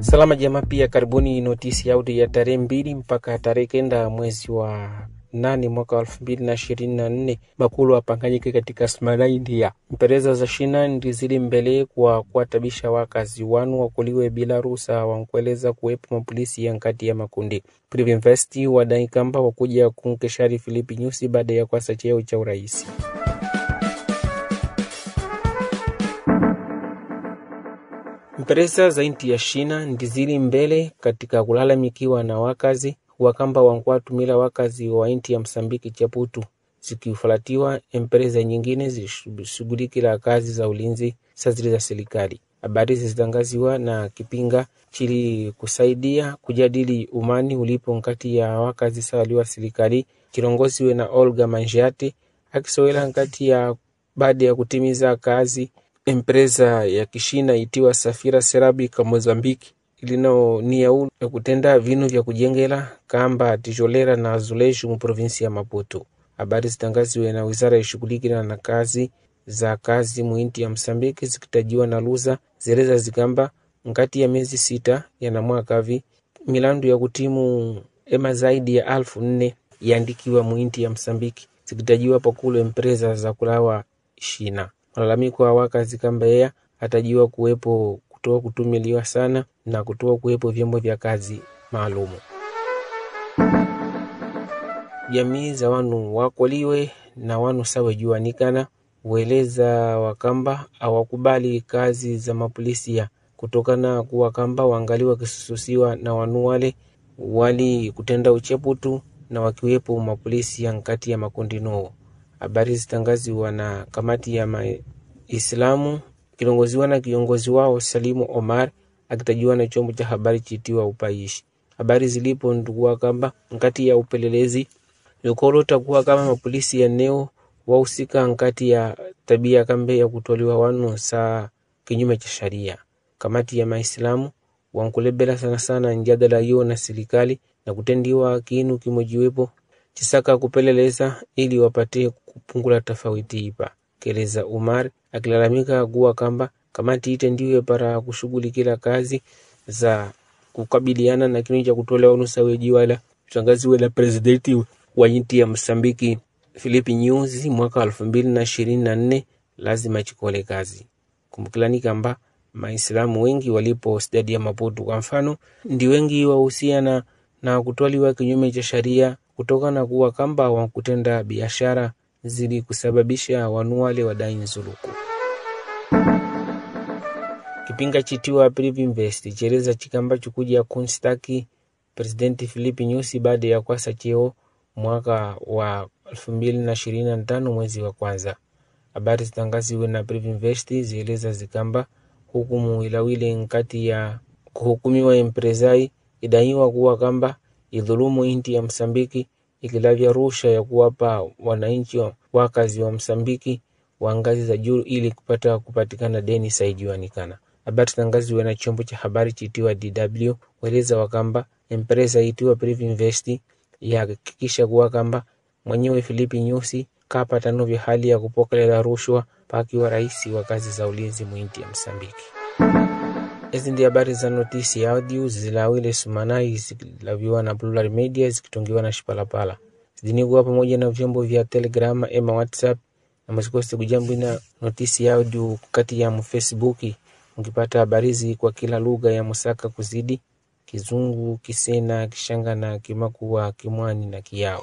Salama jamaa, pia karibuni notisi audio ya tarehe mbili mpaka tarehe kenda mwezi wa nane mwaka wa elfu mbili na ishirini na nne Bakulu apanganyike katika Somalia. Mpereza za shina ndizili mbele kwa kuwatabisha wakazi wanu wakuliwe bila ruhusa, wankueleza kuwepo mapolisi ya nkati ya makundi. Privivest wadai kamba wakuja kunkeshari Filipi Nyusi baada ya kwasa cheo cha uraisi. za inti ya shina ndizili mbele katika kulalamikiwa na wakazi wakamba wankuwatumila wakazi wa inti ya Msambiki chaputu zikiufuatiwa empresa nyingine zishughulikila kazi za ulinzi sazili za serikali. Habari hizi na kipinga chili kusaidia kujadili umani ulipo nkati ya wakazi sawaliwa serikali kilongoziwe na Olga manjiati akisowela nkati ya baada ya kutimiza kazi Empresa ya kishina itiwa Safira Ceramic Mozambiki ilinao nia ya kutenda vinu vya kujengela kamba tijolera na azulejo mu provinsi ya Maputo. Habari zitangaziwe na wizara ishughulikana na kazi za kazi muinti ya Msambiki zikitajiwa na Luza zeleza zikamba ngati ya miezi sita yana vi milandu ya kutimu ema zaidi ya alfu nne yaandikiwa muinti ya Msambiki zikitajiwa pakulo empresa za kulawa shina Malalamiko ya wakazi kamba yeye atajiwa kuwepo kutoa kutumiliwa sana na kutoa kuwepo vyombo vya kazi maalumu. Jamii za wanu wakoliwe na wanu juanikana weleza wakamba awakubali kazi za mapolisia kutokana kuwa kamba wangali wakisususiwa na wanu wale wali kutenda ucheputu na wakiwepo mapolisia nkati ya makundi noo habari zitangazwa na kamati ya Maislamu ikilongoziwa na kiongozi wao Salimu Omar akitajiwa na chombo cha habari chitiwa Upaishi. Habari zilipo ndukuwa kamba ngati ya upelelezi Lokoro takuwa kama mapolisi ya eneo wahusika ngati ya tabia kambe ya kutoliwa wanu saa kinyume cha sharia. Kamati ya Maislamu wankulebela sana sana njadala hiyo na serikali na kutendiwa kinu kimojiwepo chisaka kupeleleza ili wapate kupungula tafauti ipa, keleza Umar akilalamika kuwa kamba kamati ite ndiwe para kushughulikila kazi za kukabiliana na kinu cha kutolewa nusa weji wala mtangazi wala presidenti wa nchi ya Msambiki Filipi Nyusi mwaka elfu mbili na ishirini na nne lazima chikole kazi. Kumbukilani kamba Maislamu wengi walipo stadi ya Maputo kwa mfano ndi wengi wahusiana na kutwaliwa kinyume cha sharia kutokana kuwa Kamba wa kutenda biashara zili kusababisha wanuwale wadai nzuluku kipinga chitiwa privy Invest chereza chikamba chikuja kunstaki Presidenti Philip Nyusi baada ya kwasa cheo mwaka wa 2025 mwezi wa kwanza. Habari zitangaziwe na privy Invest zieleza zikamba hukumu ilawile nkati ya kuhukumiwa imprezai idaiwa kuwa kamba idhulumu inti ya Msambiki ikilavya rushwa ya kuwapa wananchi wakazi wa Msambiki wa ngazi za juu ili kupata kupatikana deni saijuanikana habari tangaziwe na chombo cha habari chitiwa DW weleza wakamba empresa itiwa Privinvest yahakikisha kuwa kamba mwenyewe Filipi Nyusi kapata novyo hali ya kupokelela rushwa pakiwa rais wa kazi za ulinzi mwinti ya Msambiki. Hizi ndio habari za notisi ya audio zilawile sumanai zikilaviwa na Plural Media zikitungiwa na Shipalapala kuwa pamoja na vyombo vya telegram ema WhatsApp na msikose kujambo na notisi ya audio kati ya Facebook mkipata habari hizi kwa kila lugha ya Musaka kuzidi Kizungu, Kisena, Kishanga na Kimakua, Kimwani na Kiao.